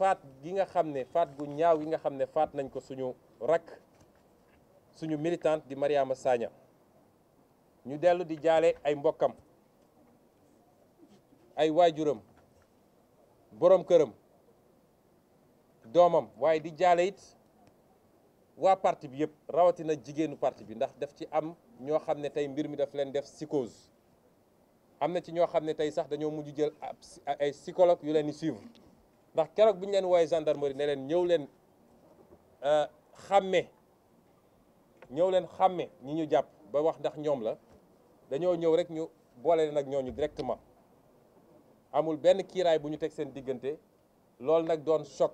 Fat gi nga fat ne faat gu ñaaw gi nga xam ne nañ ko suñu rak suñu militante di Mariama Sagna ñu delu di jale ay mbokkam ay waajuram borom këram doomam waaye di jale it wa parti bi rawati rawatina jigenu parti bi ndax daf ci am ñoo hamne ne tey mbir mi daf leen def psychose am na ci ñoo xam ne sax jël ay psychologue yu leen suivre ndax keroog bu ñu leen wooyee gendarmerie ne leen ñëw leen euh, xàmme ñëw leen xàmme ñu ñu jàpp ba wax ndax ñoom la dañoo ñëw rek ñu boole leen ak ñooñu directement amul benn kiiraay bu ñu teg seen diggante loolu nag doon choc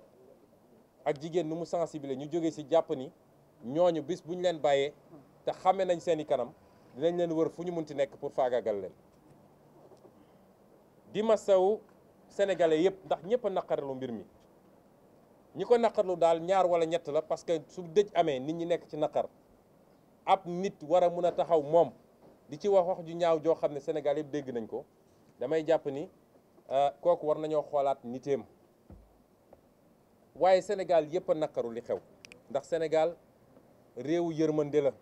ak jigéen nu mu sensibiliser ñu jóge ci jàpp ni ñooñu bis bu ñu leen bàyyee te xàmme nañ seen i kanam dinañ leen wër fu ñu munti nekk pour faagaagal leen di ma sew sénégalais yëpp ndax ñëpp a naqarlu mbir mi ñi ko naqarlu daal ñaar wala ñett la parce que su dëj amee nit ñi nekk ci naqar ab nit war a mun a taxaw moom di ci wax wax ju ñaaw joo xam ne sénégalais yëpp dégg nañ ko damay jàpp ni euh, kooku war nañoo xoolaat nitéem waaye Sénégal yëpp a naqaru li xew ndax Sénégal réewu yërmande la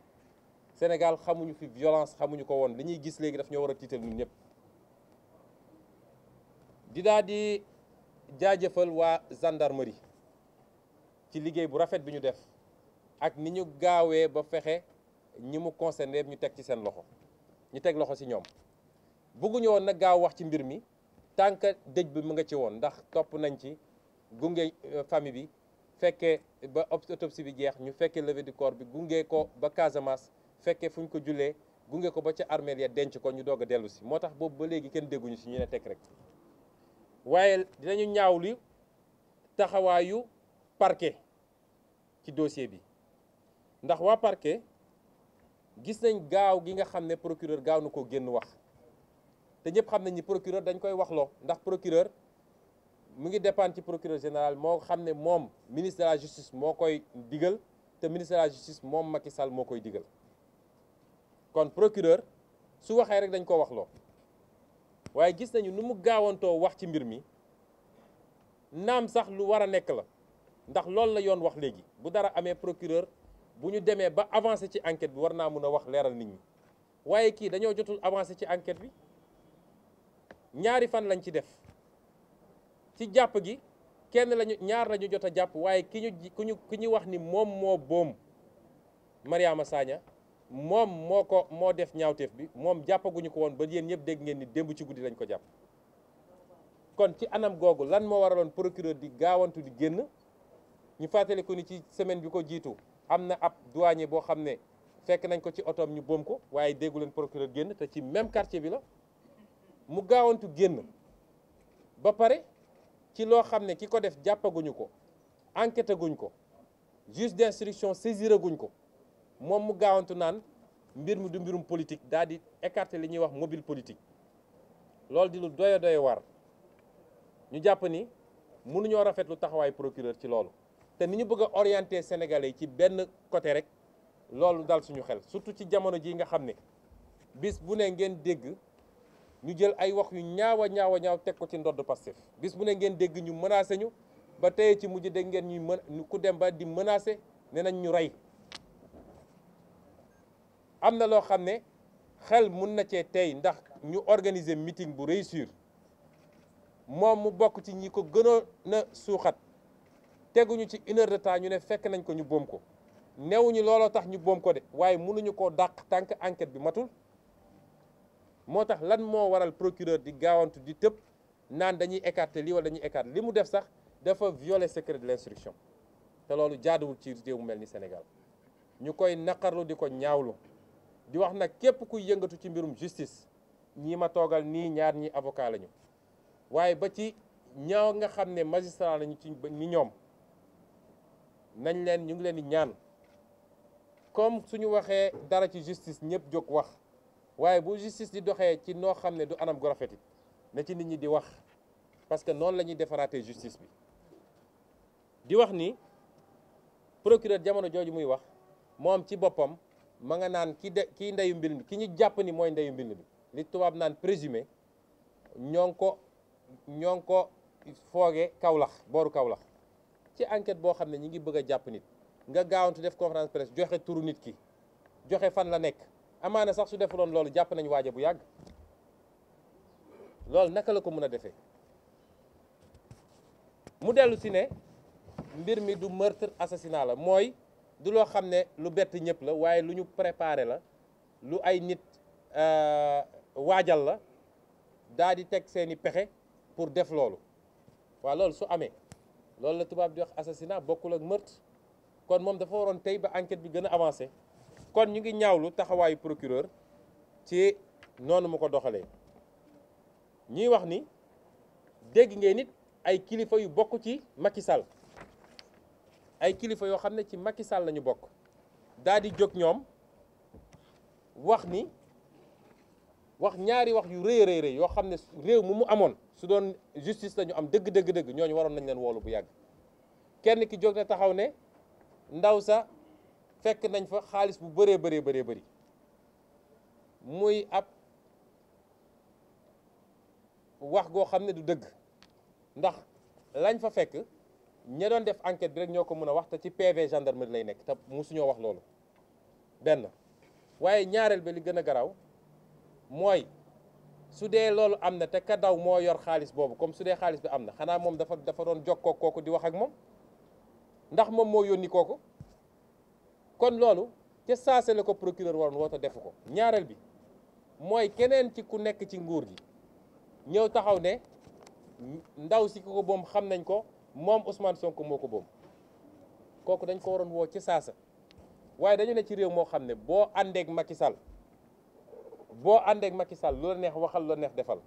Sénégal xamuñu fi violence xamuñu ko woon li ñuy gis léegi daf ñoo war a tiital ñun ñëpp di daal di jaajëfal waa gendarmerie ci liggéey bu rafet bi ñu def ak ni ñu gaawee ba fexe ñi mu concerné ñu teg ci seen loxo ñu teg loxo si ñoom bëgguñu woon na gaaw wax ci mbir mi tànk dëj bi mu nga ci woon ndax topp nañ ci gunge euh, famille bi fekkee ba autopsie bi jeex ñu fekkee levée du corps bi gunge ko ba Casamance fekkee fu ñu ko jullee gunge ko ba ca armeel ya denc ko ñu doog a dellu si moo tax boobu ba léegi kenn dégguñu si ñu ne teg rek waaye dinañu ñaawlu taxawaayu parquet ci dossier bi ndax waa parquet gis nañ gaaw gi nga xam ne procureur gaaw na koo génn wax te ñëpp xam nañ ni procureur dañ koy wax waxloo ndax procureur mu ngi dépendre ci procureur général moo xam ne moom ministre de la justice moo koy diggal te ministre la justice moom Macky Sall moo koy digal kon procureur su waxee rek dañ ko waxloo waaye gis nañu nu mu gaawantoo wax ci mbir mi naam sax lu war a nekk la ndax loolu la yoon wax léegi bu dara amee procureur bu ñu demee ba avancé ci enquête bi war naa mun a wax leeral nit ñi waaye kii dañoo jotul avancé ci enquête bi ñaari fan lañ ci def ci jàpp gi kenn lañu ñaar lañu jot a jàpp waaye ki ñu ku ñu ku ñu wax ni moom moo boom Mariama Sagna moom moo ko moo def ñaawteef bi moom jàppaguñu ko woon ba yéen ñëpp dégg ngeen ni démb ci guddi lañ ko jàpp kon ci anam googu lan moo waraloon procureur di gaawantu di génn ñu fàttali ko ni ci semaine bi ko jiitu am na ab douanier boo xam ne fekk nañ ko ci otoom ñu boom ko waaye déggu leen procureur génn te ci même quartier bi la mu gaawantu génn ba pare ci loo xam ne ki ko def jàppaguñu ko enquête guñ ko juge d'instruction saisiraguñ ko mom mu gaawantu nan mbir mu du mbirum politique dal di écarter li ñi wax mobile politique loolu di lu doyo doyo war ñu japp ni mënuñoo rafetlu taxaway procureur ci loolu té ni ñu bëgg orienter sénégalais ci benn côté rek dal suñu xel surtout ci jamono ji nga xamné bis bu ne ngeen dégg ñu jël ay wax yu ñaawa ñaawa ñaaw tek ko ci ndodd bis bu ne ngeen dégg ñu menacer ñu ba tey ci mujj dégg ngeen ñuy ku dem ba di menacer né nañ ñu ray am na loo xam ne xel mun na cee tey ndax ñu organiser meeting bu réussir moom mu bokk ci ñi ko gënoon a suuxat teguñu ci une heure ñu ne fekk nañ ko ñu boom ko newuñu looloo tax ñu boom ko de waaye mënuñu koo dàq tànk enquête bi matul moo tax lan moo waral procureur di gaawantu di tëb naan dañuy écarter lii wala dañuy écarter li mu def sax dafa violer secret de l'instruction te loolu jaaduwul ci réew mu mel ni Sénégal ñu koy naqarlu di ko ñaawlu di wax nag képp kuy yëngatu ci mbirum justice ñii ma togal ni ñaar ñi avocat lañu waye ba ci ñaaw nga xamné magistrat lañu ci ni ñom nañ leen ñu ngi leen di ñaan comme suñu waxé dara ci justice ñepp jóg wax waye bu justice di doxé ci no xamné du anam gu rafet na ci nit ñi di wax parce que non lañuy ñuy justice bi di wax ni procureur jamono joju muy wax moom ci bopam ma nga naan ki de kii ndeyu mbir mi ki ñu jàpp ni mooy ndeyu mbir mi li tubaab naan présumé ñoo ngi ko ñoo ngi ko fooge Kaolack booru Kaolack ci enquête boo xam ne ñu ngi bëgg a jàpp nit nga gaawantu def conférence presse joxe turu nit ki joxe fan la nekk amaana sax su defuloon loolu jàpp nañu waaja bu yàgg loolu naka la ko mën a defee mu dellu si ne mbir mi du meurtre assassinat la mooy du loo xam ne lu bett ñëpp la waaye lu ñu préparé la lu ay nit euh, waajal la daa di teg seeni pexe pour def loolu waaw loolu su amee loolu la tubaab di wax assassinat bokkul ak meurtre kon moom dafa waroon tey ba enquête bi gën a avancé kon ñu ngi ñaaw lu taxawaayu procureur ci noonu mu ko doxalee ñuy wax ni dégg ngeen nit ay kilifa yu bokk ci Macky ay kilifa yoo xam ne ci Macky Sall la bokk daal di jóg ñoom wax ni wax ñaari wax yu rëy rëy yoo xam ne réew mu mu amoon su doon justice lañu am dëgg dëgg dëgg ñooñu waroon nañ leen woolu bu yàgg kenn ki jóg na taxaw ne ndaw sa fekk nañ fa xaalis bu bëree bëree bëree bëri muy ab wax goo xam ne du dëgg ndax lañ fa fekk ña doon def enquête bi rek ñoo ko mën a wax te ci PV gendarmerie lay nekk su ñoo wax loolu benn waaye ñaareel ba li gën a garaaw mooy su dee loolu am na te ka daw moo yor xaalis boobu comme su dee xaalis bi am na xanaa moom dafa dafa doon jokkoo kooku di wax ak moom ndax moom moo yónni kooku kon loolu ca saase la ko procureur waroon woo te defu ko ñaareel bi mooy keneen ci ku nekk ci nguur gi ñëw taxaw ne ndaw si ko moom xam nañ ko mom Ousmane Sonko moko bom koku dañ ko waroon wo ci sasa waye dañu ne ci rew mo xamne bo ande ak Macky Sall ande ak Macky Sall la neex waxal la neex defal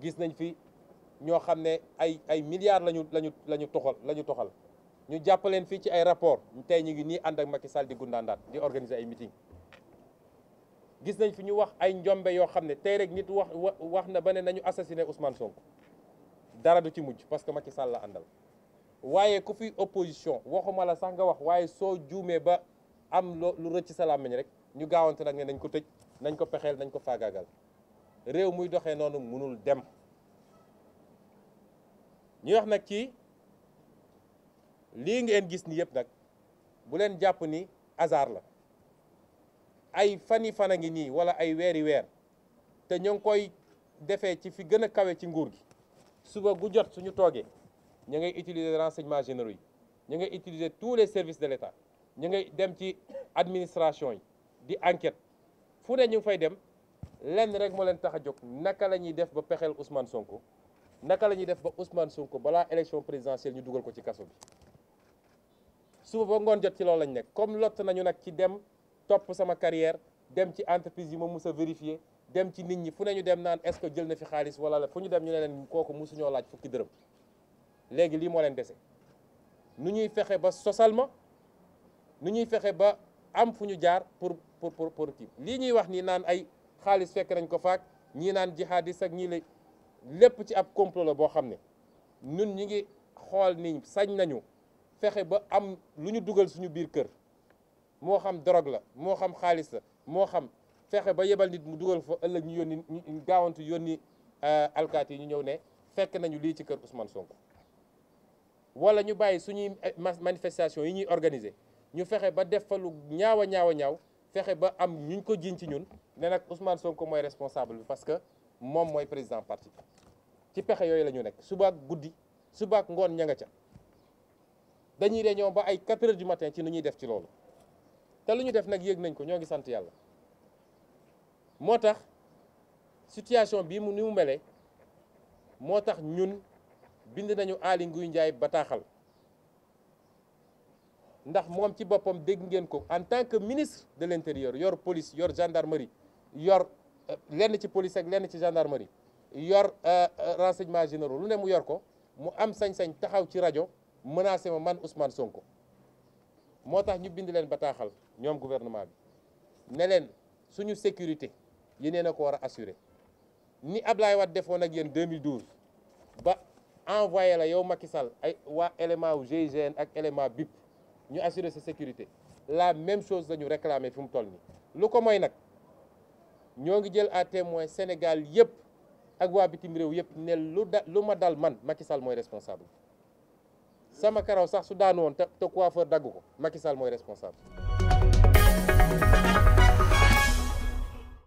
gis nañ fi ño xamne ay ay milliards lañu lañu lañu toxal lañu toxal ñu jappaleen fi ci ay rapport tay ñi ngi ni ànd ak Macky di gundandat di organiser ay meeting gis nañ fi ñu wax ay njombe yo xamne tay rek nit wax wax na ba nañu assassiner Ousmane Sonko dara du ci mujj parce que ci Sall la waaye ku fi opposition waxuma la sax nga wax waaye soo juumee ba am lu rëcc sa làmmiñ rek ñu gaawante nag ne nañ ko tëj nañ ko pexeel nañ ko faagaagal réew muy doxee noonu mënul dem ñuy wax nag ci lii ngeen gis ni yëpp nag bu leen jàpp ni hasard la ay fani fan a ngi nii wala ay weeri weer te ñoo ngi koy defee ci fi gën a kawe ci nguur gi suba gu jot suñu togué ñu ngay utiliser renseignement généraux yi ngay utiliser tous les services de l'État ñu ngay dem ci administration di enquête fu né ñu fay dem lenn rek mo leen tax a naka lañuy def ba pexel Ousmane Sonko naka lañuy def ba Ousmane Sonko balaa élection présidentielle ñu duggal ko ci kasso bi suba bo ngoon jot ci lool lañ nek comme lot nañu nak ci dem top sama carrière dem ci entreprise yi mo mësa vérifier dem ci nit ñi fu ne ñu dem naan est-ce que jël na fi xaalis wala la fu ñu dem ñu ne leen kooku mosuñoo laaj fukki dërëm léegi lii moo leen dese nu ñuy fexe ba sosal ma nu ñuy fexe ba am fu ñu jaar pour pour pour pour kii lii ñuy wax nii naan ay xaalis fekk nañ ko faak ñii naan jihadis ak ñii la lépp ci ab complot la boo xam ne ñun ñu ngi xool ni sañ nañu fexe ba am lu ñu dugal suñu biir kër moo xam drogue la moo xam xaalis la moo xam fexe ba yebal nit mu dugal fa ëllëg ñu yónni ñu gaawantu yónni euh, alkaati yi ñu ñëw ne fekk nañu lii ci kër Ousmane Sonko wala ñu bàyyi suñuy eh, manifestation yi ñuy organiser ñu fexe ba def fa lu ñaaw a ñaaw a fexe ba am ñu ko jiiñ ci ñun ne nag Ousmane Sonko mooy responsable bi parce que moom mooy président parti ci pexe yooyu lañu ñu nekk subaak guddi subaak ngoon ña nga ca dañuy réunion ba ay 4 heures du matin ci nu ñuy def ci loolu te lu ñu def nag yéeg nañ ko ñoo ngi sant yàlla. moo tax situation bi mu ni mu mele moo tax ñun bind nañu Aly Ngouille Ndiaye bataaxal ndax moom ci boppam dégg ngeen ko en tant que ministre de l'intérieur yor police yor gendarmerie yor euh, lenn ci police ak lenn ci gendarmerie yor euh, euh, renseignement généraux lu ne mu yor ko mu am sañ-sañ taxaw ci rajo menacé ma man Ousmane ko moo tax ñu bind leen bataaxal ñoom gouvernement bi ne leen suñu sécurité yéen yéen a ko war a assuré ni Ablaye Wade defoon ak yéen 2012 ba envoyé la yow Macky Sall ay waa élément wu GIGN ak élément BIP ñu assurer sa sécurité la même chose la ñu réclamer fi mu toll nii. lu ko mooy nag ñoo ngi jël à témoin Sénégal yëpp ak waa bitim réew yëpp ne lu da lu ma dal man Macky Sall mooy responsable sama karaw sax su daanu woon te te coiffeur dagg ko Macky Sall mooy responsable.